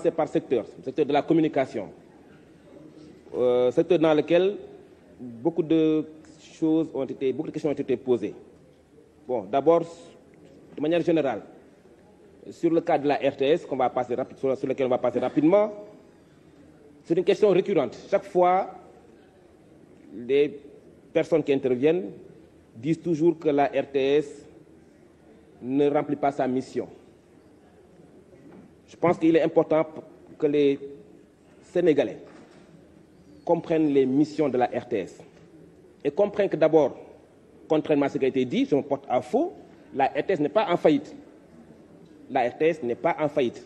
tracer par secteur, le secteur de la communication, euh, secteur dans lequel beaucoup de choses ont été, beaucoup de questions ont été posées. Bon, d'abord, de manière générale, sur le cas de la RTS, qu'on va passer rapide, sur, sur lequel on va passer rapidement, c'est une question récurrente. Chaque fois, les personnes qui interviennent disent toujours que la RTS ne remplit pas sa mission. Je pense qu'il est important que les Sénégalais comprennent les missions de la RTS et comprennent que d'abord, contrairement à ce qui a été dit, je me porte à faux, la RTS n'est pas en faillite. La RTS n'est pas en faillite.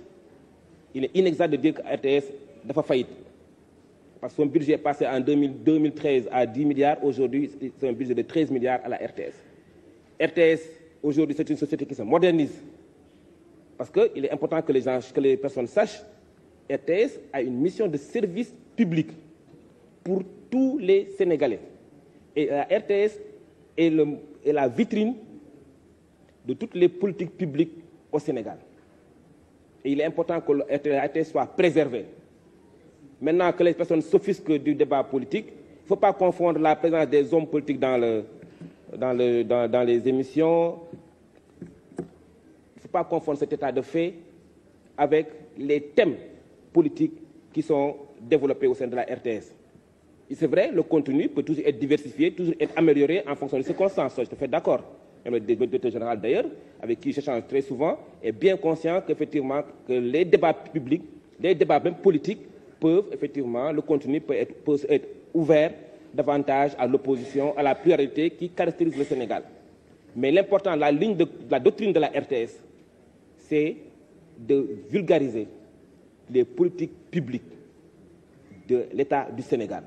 Il est inexact de dire que la RTS n'est pas faillite. Parce que son budget est passé en à 10 milliards. Aujourd'hui, c'est de 13 milliards à RTS. RTS, aujourd'hui, c'est une société qui se modernise, parce qu'il est important que les, gens, que les personnes sachent, RTS a une mission de service public pour tous les Sénégalais. Et la RTS est, le, est la vitrine de toutes les politiques publiques au Sénégal. Et il est important que la RTS soit préservée. Maintenant que les personnes s'offusquent du débat politique, il ne faut pas confondre la présence des hommes politiques dans, le, dans, le, dans, dans les émissions, pas confondre cet état de fait avec les thèmes politiques qui sont développés au sein de la RTS. Et c'est vrai, le contenu peut toujours être diversifié, toujours être amélioré en fonction des circonstances. Je te fais d'accord. Même le directeur général d'ailleurs, avec qui j'échange très souvent, est bien conscient qu'effectivement, que les débats publics, peuvent effectivement, le contenu peut être, peut davantage à l'opposition, à la pluralité qui caractérise le Sénégal. Mais de la doctrine c'est de vulgariser les politiques publiques de l'État du Sénégal.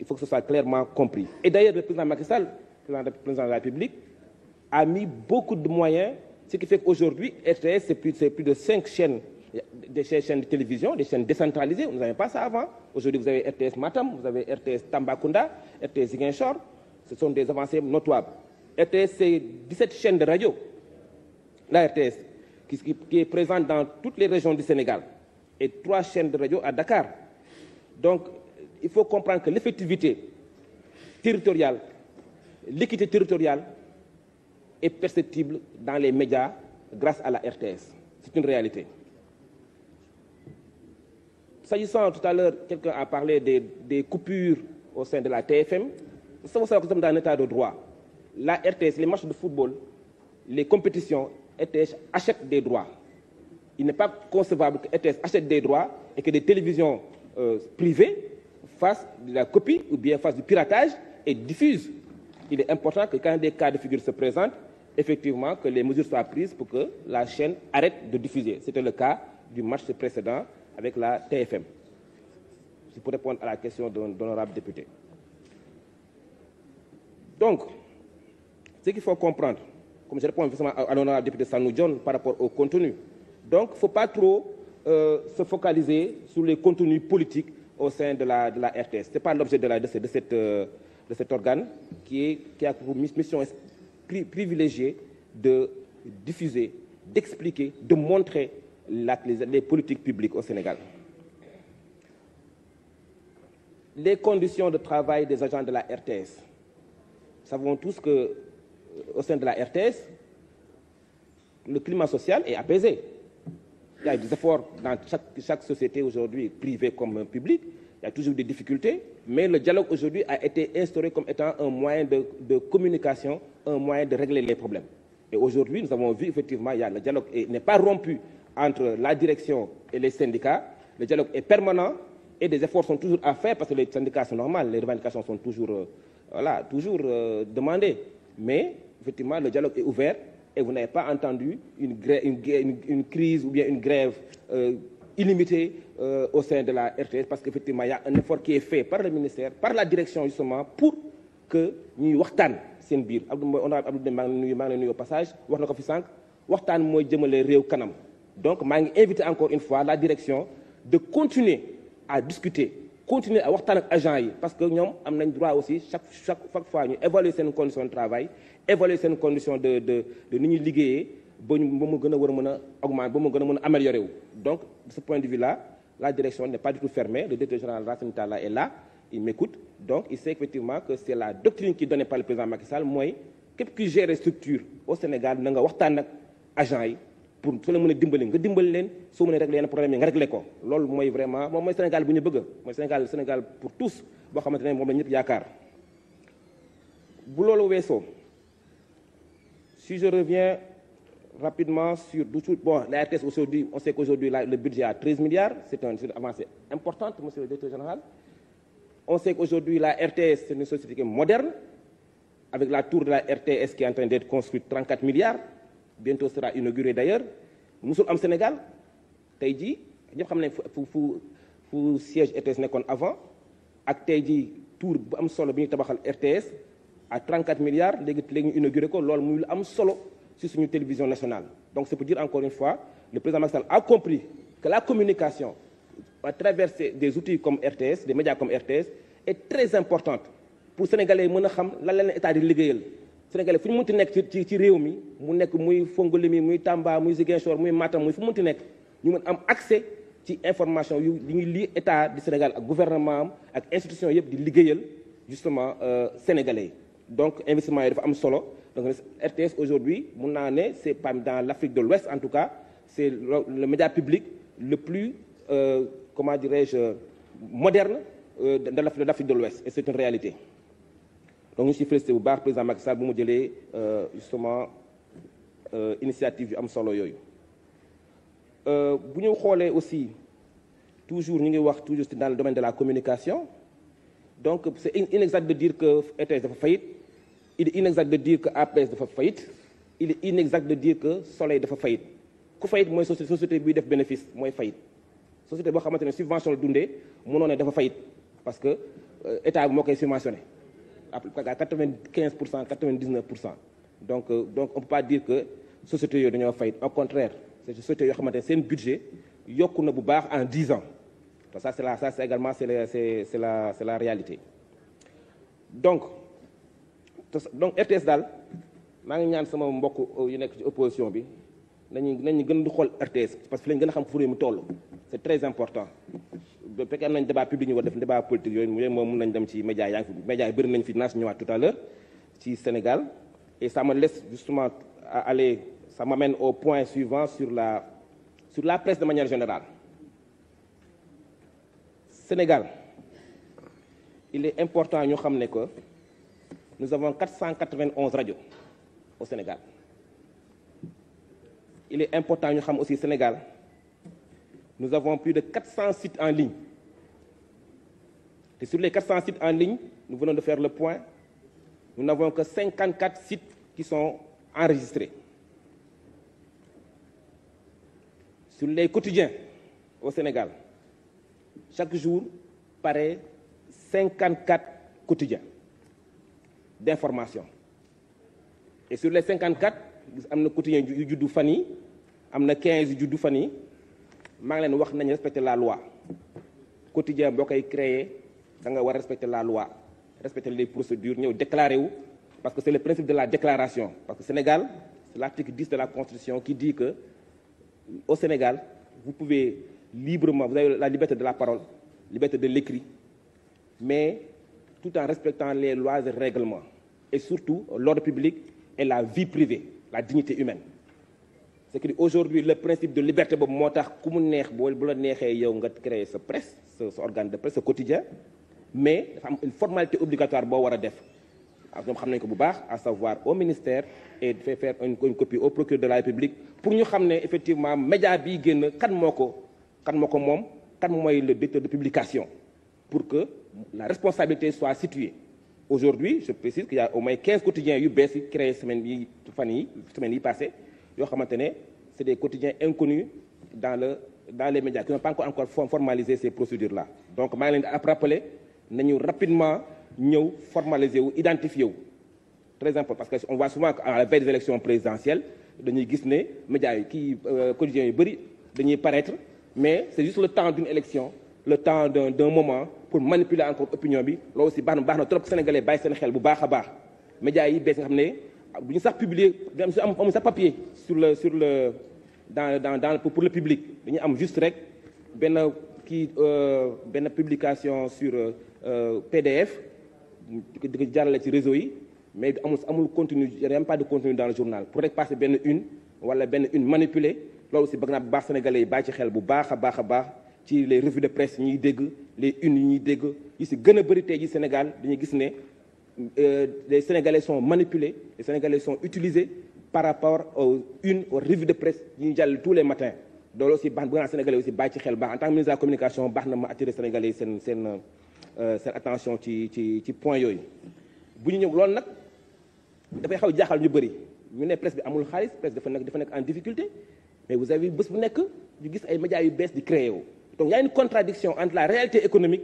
Il faut que ce soit clairement compris. Et d'ailleurs, le président Macky Sall, le président de a mis beaucoup de moyens, ce qui fait qu'aujourd'hui, RTS, c'est plus, de cinq chaînes, des chaînes de télévision, des chaînes décentralisées. Vous n'avez pas ça avant. Aujourd'hui, vous avez RTS Matam, vous avez RTS Tambacounda, RTS Ziguinchor. Ce sont des avancées notables. RTS, c'est 17 chaînes de radio. la RTS, qui, qui, est présente dans toutes les régions du Sénégal, et trois chaînes de radio à Dakar. Donc, il faut comprendre que l'effectivité territoriale, l'équité territoriale est perceptible dans les médias grâce à la RTS. C'est une réalité. S'agissant tout à l'heure, quelqu'un a parlé des, des, coupures au sein de la TFM. Ça, vous savez que nous sommes dans état de droit. La RTS, les matchs de football, les compétitions ETS achète des droits. Il n'est pas concevable que ETS achète des droits et que des télévisions euh, privées fassent de la copie ou bien fassent du piratage et diffusent. Il est important que quand des cas de figure se présentent, effectivement, que les mesures soient prises pour que la chaîne arrête de diffuser. C'était le cas du match précédent avec la TFM. C'est pour répondre à la question de l'honorable député. Donc, ce qu'il faut comprendre, comme je réponds justement à l'honorable député Sangou John par rapport au contenu. Donc, il faut pas trop euh, se focaliser sur les contenus politiques au sein de la, de la RTS. Ce n'est pas l'objet de, la, de, cette, de, cette, euh, de cet organe qui, est, qui a pour mission privilégiée de diffuser, d'expliquer, de montrer la, les, les politiques publiques au Sénégal. Les conditions de travail des agents de la RTS. savons tous que au sein de la RTS, le climat social est apaisé. Il y a des efforts dans chaque, chaque société aujourd'hui, privée comme publique. Il y a toujours des difficultés, mais le dialogue aujourd'hui a été instauré comme étant un moyen de, communication, un moyen de régler les problèmes. Et aujourd'hui, nous avons vu effectivement, a, le dialogue n'est pas rompu entre la direction et les syndicats. Le dialogue est permanent et les revendications sont toujours, euh, euh, demandées. Mais effectivement, le dialogue est ouvert et vous n'avez pas entendu une, une, une, une, crise ou bien une grève euh, illimitée euh, au sein de la RTS parce qu'effectivement, il y a un effort qui est fait par le ministère, par la direction justement, pour que nous waxtaan seen biir Abdou Mboy honorable Abdou Mboy maa ngi nuyu maa ngi au passage wax na ko fi sànq waxtaan mooy jëmale réew kanam donc maa ngi invité encore une fois la direction de continuer à discuter continuer à waxtaan ak agent yi parce que ñoom am nañ droit aussi chaque chaque chaque fois ñu évaluer seen condition de travail évaluer seen condition de de de ni ñuy liggéeyee ba ñu ba mu gën a war a mën a augmenter ba mu gën a mën a améliorer wu. donc de ce point de vue là la direction n'est pas du tout fermée le directeur général Racine Talla est là il m'écoute donc il sait effectivement que c'est la doctrine qui est par le président Macky mooy képp kuy gérer structure au Sénégal na waxtaan ak agent yi. pour su la mën a dimbali nga dimbali leen soo mën a régler yenn problème yi nga régler ko loolu mooy vraiment moom mooy Sénégal bu ñu bëgg mooy Sénégal Sénégal pour tous boo xamante ne moom la ñëpp yaakaar bu loolu weesoo si je reviens rapidement sur bon la RTS aujourd'hui on sait qu'aujourd'hui le budget à 13 milliards c'est une avancée importante monsieur le directeur général on sait qu'aujourd'hui la RTS c'est une société moderne avec la tour de la RTS qui est en train d'être construite 34 bientôt sera inauguré d'ailleurs musul am Sénégal tey jii ñëpp xam nañ fu fu fu siège RTS nekkoon avant ak tey jii tour bu am solo bi ñu tabaxal RTS à 34 milliards léegi léegi ñu inauguré ko loolu muy lu am solo si suñu télévision nationale. donc c'est pour dire encore une fois le président Macky Sall a compris que la communication à travers des outils comme RTS des médias comme RTS est très importante pour sénégalais yi mën a xam lan la leen état di liggéeyal. Sénégalais fu ñu mënti nekk ci ci réew mi mu nekk muy Fongolemi muy Tamba muy Ziguinchor muy Matam muy fu mu mënti nekk ñu mën am accès ci information yu li ñuy lii état du Sénégal ak gouvernement ak institution yëpp di liggéeyal justement euh, sénégalais yi donc investissement yi dafa am solo donc RTS aujourd'hui mun naa ne c'est parmi dans l'Afrique de l'Ouest en tout cas c'est le média public le plus euh, comment dirais-je moderne euh, de l'Afrique de l'Ouest et c'est une réalité donc ñu ci félicité bu baax président Macky bu mu jëlee euh, justement euh, initiative yu am solo yooyu euh, bu ñëw xoolee aussi toujours ñu ngi wax toujours dans le domaine de la communication donc c' est inexact de dire que RTS e dafa fayit il est inexact de dire que APS dafa fayit il est inexact de dire que Soleil dafa fayit ku fayit mooy société buy def bénéfice mooy fayit société boo xamante ne subvention la dundee mënoo dafa fayit parce que état bi moo koy subventionné à quatre vingt quinze pour cent quatre vingt dix neuf pour cent donc euh, donc on peut pas dire que sociétés yooyu dañoo fay au contraire yoo xamante seen budget yokku na bu baax en dix ans te ça c'est la ça c'est également c'est la c'est c'est la c'est la réalité donc donc RTS daal maa ngi ñaan sama mbokk euh, yu nekk ci opposition bi nañu nañu gën di xool RTS parce que fi gën a xam fu réew mi toll c'est très important bu fekkee am nañ débat public ñu war def débat politique yooyu moom mun nañ dem ci média yaa ngi fi média yi bëri nañ fi naa si ñëwaat tout à l'heure ci Sénégal et sama les laisse justement à aller sama m'amène au point suivant sur la sur la presse de manière générale Sénégal il est important ñu xam ne que nous avons 491 radios au Sénégal il est important ñu xam aussi Sénégal nous avons plus de 400 sites en ligne te sur les 400 sites en ligne nous venons de faire le point nous n'avons que 54 sites qui sont enregistrés sur les quotidiens au Sénégal chaque jour paraît 54 quotidiens d'information et sur les 54 gis am na quotidien yu juddu fan yi am na quinze yu juddu fan maa ngi leen wax nañu respecter la loi quotidien boo koy créer da nga war a respecter la loi respecter les procédures ñëw déclarer wu parce que c'est le principe de la déclaration parce que Sénégal c'est l'article de la Constitution qui dit que au Sénégal vous pouvez librement vous avez la liberté de la parole liberté de l'écrit mais tout en respectant les lois et règlements et surtout l'ordre public et la vie privée la dignité humaine c'est que aujourd'hui le principe de liberté boobu moo tax ku mu neex boo bu la neexee yow nga créer sa presse sa sa organe de presse sa quotidien mais dafa am une formalité obligatoire boo war a def ah, ñoom xam nañ ko bu baax à savoir au ministère et fait faire une copie au procureur de la République pour ñu xam ne effectivement média bii génn kan moo ko kan moo ko moom kan mooy le directeur de publication pour que la responsabilité soit située aujourd'hui je précise qu'il y a au moins 15 quotidiens yu bees yi y semaine yi fan yi semaine yi yoo xamante ne c'est des quotidiens inconnus dans le dans les médias qui n'ont pas encore encore formalisé ces procédures là donc maa ngi leen di rappeler nañu rapidement ñëw formaliser wu identifier wu très important parce que on voit souvent à la veille des élections présidentielles dañuy gis ne médias yi kii euh, quotidiens yu bëri dañuy paraître mais c'est juste le temps d élection le temps d'un pour manipuler encore opinion bi loo aussi baax na baax na trop sénégalais bàyyi seen xel bu baax a baax médias yi bees nga xam ne du ñu sax publier amuñu sax papier sur le sur le dans dans dans pour le public dañuy am juste rek benn kii euh, benn publication sur euh, euh, PDF di ko jaarale ci réseau yi mais amul amul contenu a même pas de contenu dans le journal pour rek passer benn une wala benn une manipuler loolu aussi bëgg naa baax sénégalais yi bàyyi ci xel bu baax a baax a baax. ci les revues de presse ñuy dégg les unes ñuy dégg yi si gën a bëri tey ji Sénégal dañu gis ne euh, les Sénégalais sont manipulés les Sénégalais sont utilisés par rapport aux unes aux revues de presse ñuy jàll tous les matins loolu aussi baax bëgg naa Sénégalais aussi bàyyi ci xel baax en tant que ministre de la communication baax na ma attirer Sénégalais seen seen euh, seen attention ci ci ci point yooyu bu ñu ñëw loolu nag dafay xaw jaaxal ñu bëri ñu ne presse bi amul xaalis presse dafa nekk dafa nekk en difficulté mais vous avez bés bu nekk ñu gis ay médias yu bees di créé wu Donc il y a une contradiction entre la réalité économique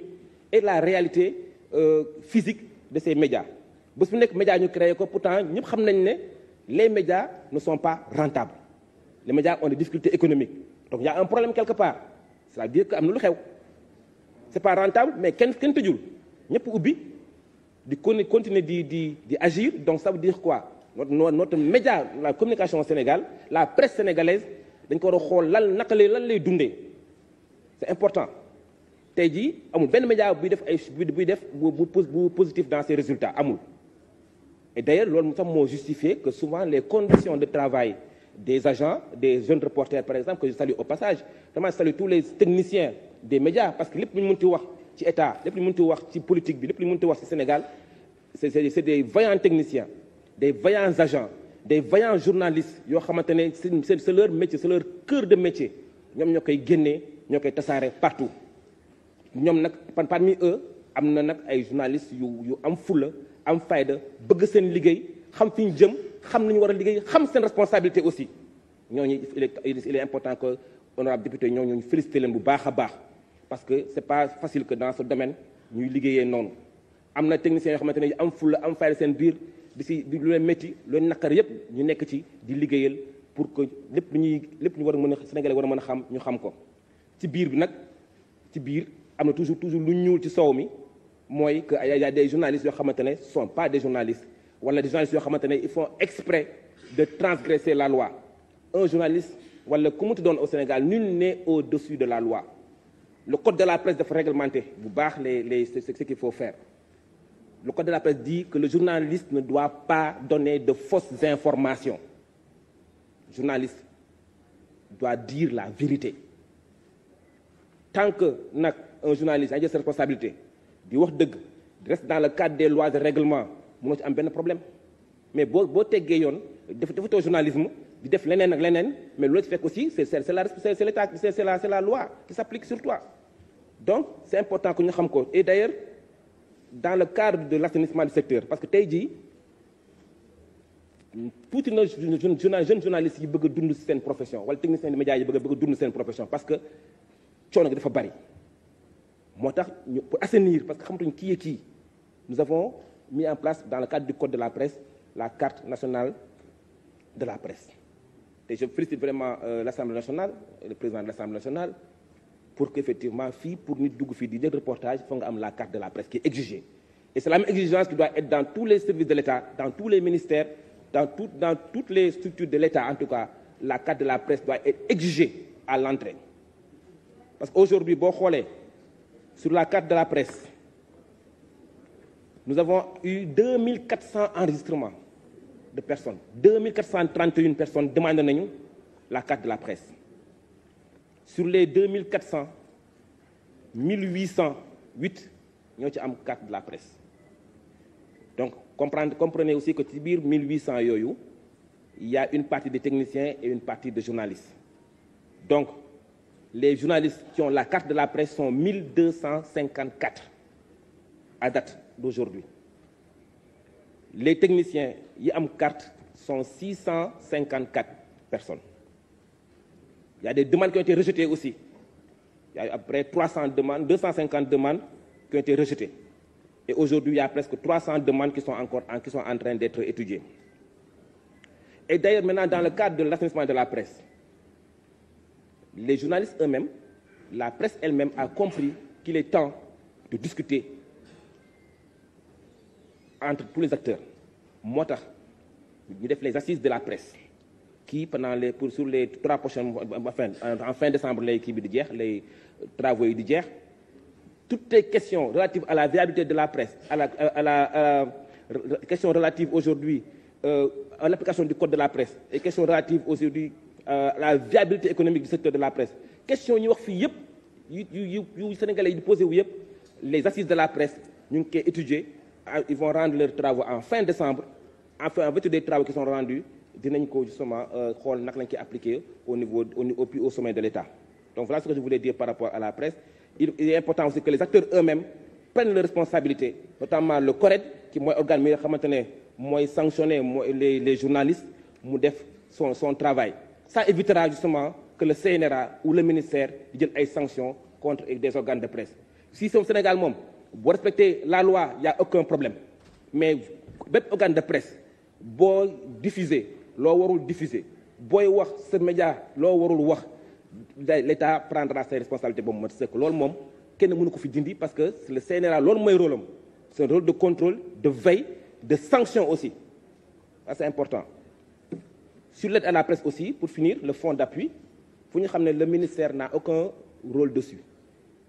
et la réalité euh, physique de ces médias. bés bu nekk médias ñu créé ko pourtant ñëpp xam nañ ne les médias ne son pas rentables les médias on des difficultés économique donc il a un problème quelque part c'est-à-dire que am na lu xew c'est pas rentable mais kenn kenn tëjul ñëpp ubbi di con continuer di di di agir donc ça veut dire quoi noo notre média la communication Sénégal la presse sénégalaise dañ ko a xool lan naka lay lan lay dundee c'est important tey jii amul benn média buy def ay buy def bu bu positif dans ses résultats amul et d'ailleurs loolu mu sax moo justifié que souvent les conditions de travail des agents des jeunes reporters par exemple que je salue au passage vraiment je salue tous les techniciens des médias parce que lépp lu ñu mënti wax ci état lépp lu ñu mënti wax ci politique bi lépp lu mun mënti wax ci Sénégal c'est c'est des vaillants techniciens des vaillants agents des vaillants journalistes yoo xamante ne c'est leur métier c'est leur cœur de métier ñoom ñoo koy génnee ñoo koy tasaare partout ñoom nag parmi eux am na nag ay journalistes yu yu am fulla am fayda bëgg seen liggéey xam fi ñu jëm xam nañu war a liggéey xam seen responsabilité aussi ñooñu il est important que honorable député ñooñu ñu félicité leen bu baax a baax parce que c'est pas facile que dans ce domaine ñuy liggéeyee noonu am na technicien yoo xamante ne am fulla am fayda seen biir di si lu leen métti lu leen naqar yépp ñu nekk ci di liggéeyal pour que lépp lu ñuy lépp ñu war a mën a Sénégalais war a mën a xam ñu xam ko ci biir bi nag ci biir am na toujours toujours lu ñuul ci soow mi mooy que y des journalistes yoo xamante ne sont pas des journalistes wala des journalistes yoo xamante ne ils font exprès de transgresser la loi un journaliste wala ku mu ti au Sénégal nul n'est au-dessus de la loi le code de la presse dafa réglementer bu baax les les ce qu'il faut faire le code la presse dit que le journaliste ne doit pas donner de fausses informations le journaliste doit dire la vérité tant que nag un journaliste a jël responsabilité di wax dëgg di reste dans le cadre des lois et règlements mënoo ci am benn problème mais boo boo teggee yoon def defatoo journalisme di def leneen ak leneen mais loolu ci fekk aussi c'est c'est la c'est qui s'applique sur toi donc c'est important que ñu xam ko et d'ailleurs dans le cadre de l'assainissement du secteur parce que tey jii tuuti na jeune journaliste yi bëgg dund seen profession wala technicien que coono gi dafa bari moo tax ñu pour assainir parce que xamatuñ kii yee kii nous avons mis en place dans le cadre du code de la presse la carte nationale de la presse te je félicite vraiment euh, l'Assemblée nationale le président de l'Assemblée nationale pour qu'effectivement fii pour nit dugg fii di def reportage foog nga am la carte de la presse qui est exigée et c'est la même exigence qui doit être dans tous les services de l'État dans tous les ministères dans tout toutes les structures de l'État en tout cas la carte de la presse à l'entrée Parce que boo qu'aujourd'hui, sur la carte de la presse, nous avons eu 2400 enregistrements de personnes. 2431 personnes demandent nous la carte de la presse. Sur les 2400, 1808 nous avons une carte de la presse. Donc, comprenez aussi que Tibir 1800 il y a une partie des techniciens et une partie de journalistes. les journalistes qui la carte de la presse sont 1254 à date d'aujourd'hui. Les techniciens qui ont carte sont 654 personnes. Il y a des demandes qui ont été rejetées aussi. Il y a à peu près 300 demandes, 250 demandes qui ont été rejetées. Et aujourd'hui, il y a presque 300 demandes qui encore, qui sont en train d'être étudiées. Et d'ailleurs, maintenant, dans le de la presse, les journalistes eux-mêmes, la presse elle-même a compris qu'il est temps de discuter entre tous les acteurs. moo tax ñu def les assises de la presse qui pendant les pour sur les trois prochaines enfin en fin décembre lay kii bi di jeex les travaux yi di jeex toutes les questions relatives à la viabilité de la presse à la à la, question relative aujourd'hui euh, à l'application du code de la presse et questions relatives aujourd'hui Euh, la viabilité économique du secteur de la presse question ñu wax fii yëpp yu yu yu sénégalais yi di posé wu yëpp les assises de la presse ñu ngi koy étudier ah, ils vont rendre leurs travaux en fin décembre en fin en vertu des travaux qui sont rendus dinañ ko justement euh, xool naka lañ koy appliquer au niveau au plus haut sommet de l'État donc voilà ce que je voulais dire par rapport à la presse il est important aussi que les acteurs eux-mêmes prennent leurs responsabilités notamment le nga xamante ne mooy sanctionner mooy les les journalistes mu def son son travail ca évitera justement que le CNRA ou le ministère di jël ay sanctions contre des organes de presse si soom Sénégal moom boo respecter la loi y aucun problème mais bépp organe de presse boo diffuser loo warul diffuser booy wax sa média loo warul wax day l'État prendra ses responsabilités ba mu mat sëkk loolu moom kenn mënu ko fi dindi parce que le CNRA loolu mooy rôle am c'est un rôle de contrôle de veille de sanction aussi ça c'est important Sur l'aide à la aussi, pour finir, le fonds d'appui, le ministère n'a aucun rôle dessus.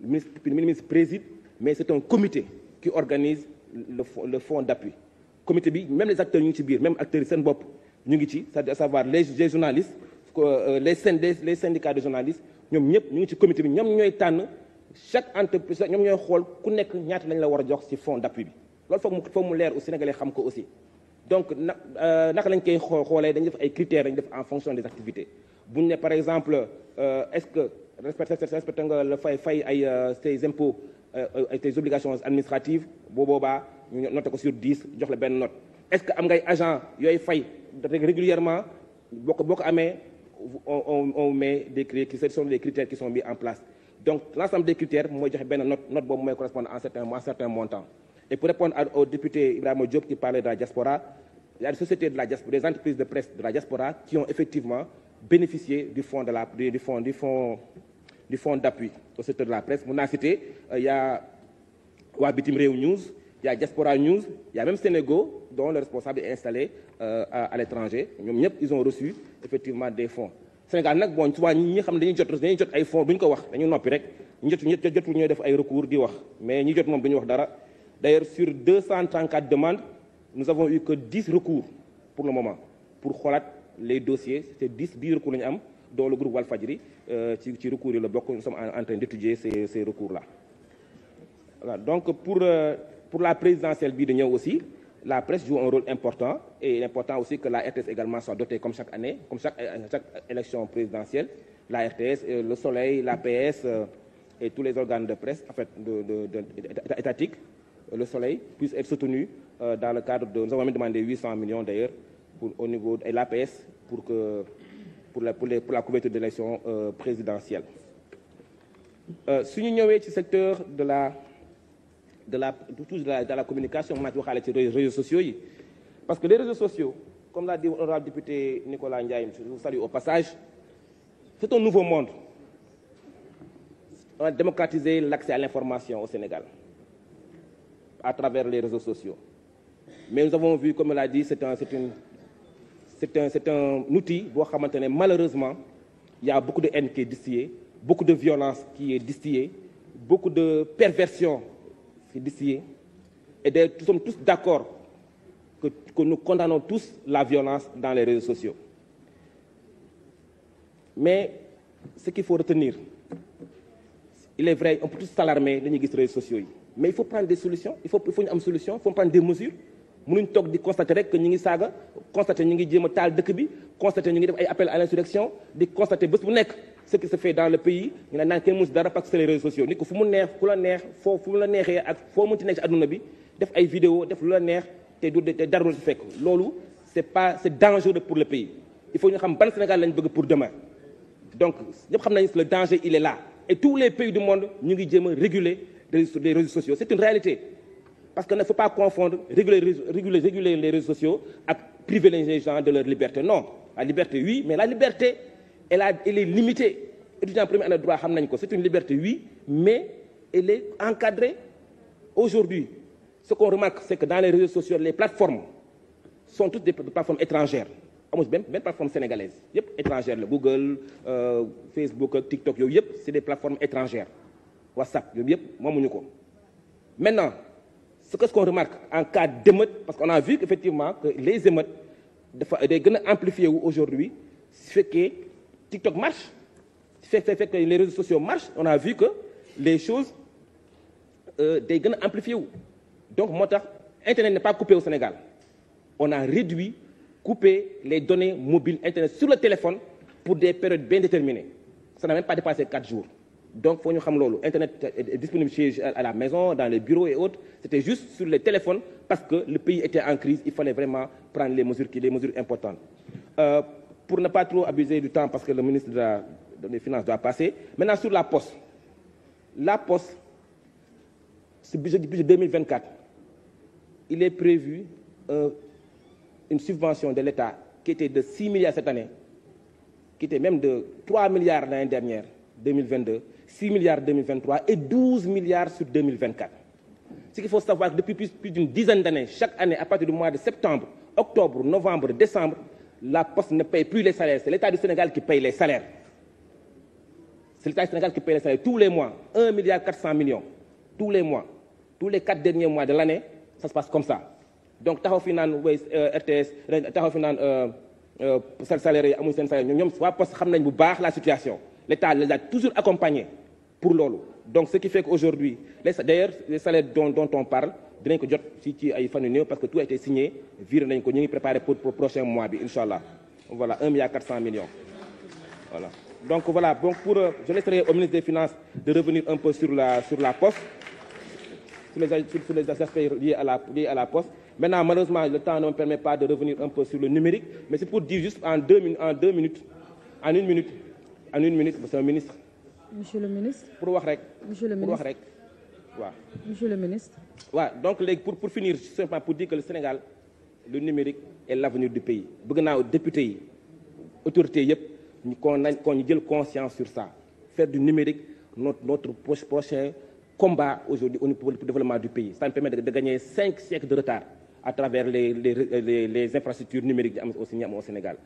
Le ministre, le ministre préside, mais c'est un comité qui organise le, le fonds d'appui. Comité, même ci acteurs, même les acteurs Senbop, c'est-à-dire savoir les, les journalistes, euh, les syndicats, les syndicats de journalistes, ñoom ñëpp ñu ngi ci comité bi ñoom ñooy tànn chaque entreprise ñoom ñooy xool ku nekk ñaata lañ la war a jox ci fonds d'appui bi loolu foog mu ko aussi donc na euh, naka lañ koy xoolee dañu def ay critères dañu def en fonction des activités bu ñu ne par exemple euh, est-ce que respecté respecté nga la fay fay ay euh, ses impôts ay obligations administratives boo boobaa ñu noté ko sur 10 jox la benn note est-ce que am ngay agent yooyu fay régulièrement boo ko boo ko amee on on met des critères ce sont des mooy joxe benn note note boobu mooy correspondre à un certain Et pour répondre au député Ibrahim Diop qui parlait de la diaspora, a des sociétés de la diaspora, des entreprises de presse de la diaspora qui ont effectivement bénéficié du fonds de la, du, fonds, du fonds, du fonds d'appui au secteur de la presse. Mon cité, euh, il y a réew Réunion News, il y a Diaspora News, il y a même Sénégo, dont le responsable est installé euh, à, à l'étranger. Ils ont reçu effectivement des fonds. Sénégal nag bon souvent ñi xam ne dañuy jot dañuy jot ay fonds duñ ko wax dañu noppi rek ñu jotu ñëpp jotu ñooy ay recours di wax mais ñi jot moom duñu wax dara D'ailleurs, sur 234 demandes, nous avons eu que 10 recours pour le moment. Pour Kholat, les dossiers, c'était 10 billes recours dont le groupe Walfadjiri, euh, qui, qui recours le bloc, nous sommes en, en train d'étudier ces, ces recours-là. Voilà, donc, pour, euh, pour la présidentielle Bidegno aussi, la presse joue un rôle important et il est important aussi que la également soit dotée comme chaque année, comme chaque, euh, chaque élection présidentielle, la RTS, euh, le Soleil, la PS euh, et tous les organes de presse en fait, de, de, de, le soleil puisse être soutenu euh, dans le cadre de. Nous avons même demandé 800 millions d'ailleurs au niveau de l'APS pour, que, pour, la, pour, les, pour la couverture de l'élection euh, présidentielle. Euh, su ñu ñëwee ci secteur de la de la toujours de la de communication mën naa ci waxaale ci réseaux sociaux yi parce que les réseaux sociaux comme l'a dit honorable député Nicolas Ndiaye je vous salue au passage c'est un nouveau monde on a l'accès à l'information au Sénégal à travers les réseaux sociaux. Mais nous avons vu, comme l'a dit, c'est un, un, un, outil, malheureusement, il y a beaucoup de haine qui est distillée, beaucoup de violence qui est distillée, beaucoup de perversion qui est distillée. Et de, nous sommes tous d'accord que, que nous condamnons tous la violence dans les réseaux sociaux. Mais ce qu'il faut retenir, il est vrai, on peut tous s'alarmer de nos réseaux sociaux. mais il faut prendre des solutions il faut il faut ñu am solution il faut prendre des mesures mënuñ toog di constater rek ñu ngi saaga constater ñu ngi jéem taal dëkk bi constater ñu ngi def ay appel à l'insurrection di constater bés bu nekk ce qui se fait dans le pays ñu ne naan kenn mësu dara parce que les réseaux sociaux fu mu neex ku la neex foo fu mu la neexee ak foo mënti nekk ci àdduna bi def ay vidéo def lu la neex te du te dara du fekk loolu c'est pas c'est dangereux le pays il faut ñu xam ban pour demain donc ñëpp xam nañu le danger il les pays du monde ñu ngi jéem réguler des réseaux sociaux c'est une réalité parce que ne faut pas confondre réguler réguler réguler les réseaux sociaux ak priver les gens de leur liberté non la liberté oui mais la liberté elle a est limitée étudiant première année droit xam nañ ko c'est une liberté oui mais elle est encadrée aujourd'hui ce qu'on remarque c'est que dans les réseaux sociaux les plateformes sont toutes des plateformes étrangères amul benn benn plateforme sénégalaise yëpp étrangère la Google euh, Facebook TikTok yooyu yëpp c'est des plateformes WhatsApp yooyu yëpp moomuñu ko maintenant ce que ce qu'on remarque en cas d'émeute parce qu'on a vu qu'effectivement que les émeutes dafa day gën a amplifié wu aujourd'hui su fekkee TikTok marche su fekkee fekk les réseaux sociaux marchent on a vu que les choses euh, day gën a amplifié wu donc moo tax internet n'est pas coupé au Sénégal on a réduit coupé les données mobiles internet sur le téléphone pour des périodes bien déterminées ça n'a même pas dépassé 4 jours donc faut ñu xam loolu internet est disponible la maison dans les bureaux et autres c'était juste sur les téléphones parce le pays en crise il fallait vraiment prendre les mesures qui les mesures euh, pour ne pas trop abuser du temps parce que le ministre de la des finances doit passer maintenant sur la poste la poste ce budget budget 2024 il est prévu euh, subvention de l'État qui était de 6 milliards cette année qui était même de 3 milliards l'année dernière 2022 6 milliards 2023 et 12 milliards sur 2024. Ce qu'il faut savoir que depuis plus, plus d'une dizaine d'années, chaque année, à partir du mois de septembre, octobre, novembre, décembre, la Poste ne paye plus les salaires. C'est l'État du Sénégal qui paye les salaires. tous les mois. 1 milliard 400 millions. Tous les mois. Tous les derniers mois de l'année, ça se passe comme ça. Donc, taxaw fi naan way euh, RTS taxaw fi naan euh, euh, salaire yi amul seen salaire ñoom waa Poste xam nañ bu baax la situation l'État les pour loolu donc ce qui fait qu'aujourd'hui les les salaires dont on parle dinañ ko jot ci ci ay fan yu parce que tout a été signé viré nañ ko ñu ngi préparé pour pour prochain mois bi incha voilà 1 milliard 400 voilà. donc voilà pour euh, je laisserai au ministre des finances de revenir un peu sur la sur la poste sur les sur les malheureusement, le temps ne permet pas de revenir un peu sur le numérique, mais c'est pour dire juste en deux, minutes, en une minute, monsieur le ministre pour wax rek. monsieur le wax rek waaw. monsieur le ministre. waaw ouais, donc léegi pour pour finir simplement pour dire que le Sénégal le numérique est l'avenir du pays bëgg naa député yi autorités yëpp ñu kon nañ kon ñu jël conscience sur ça faire du numérique notre notre prochain combat aujourd'hui au niveau développement du pays ça nous permet de gagner cinq siècles de retard à travers les les les, les infrastructures numériques yi aussi ñu au Sénégal.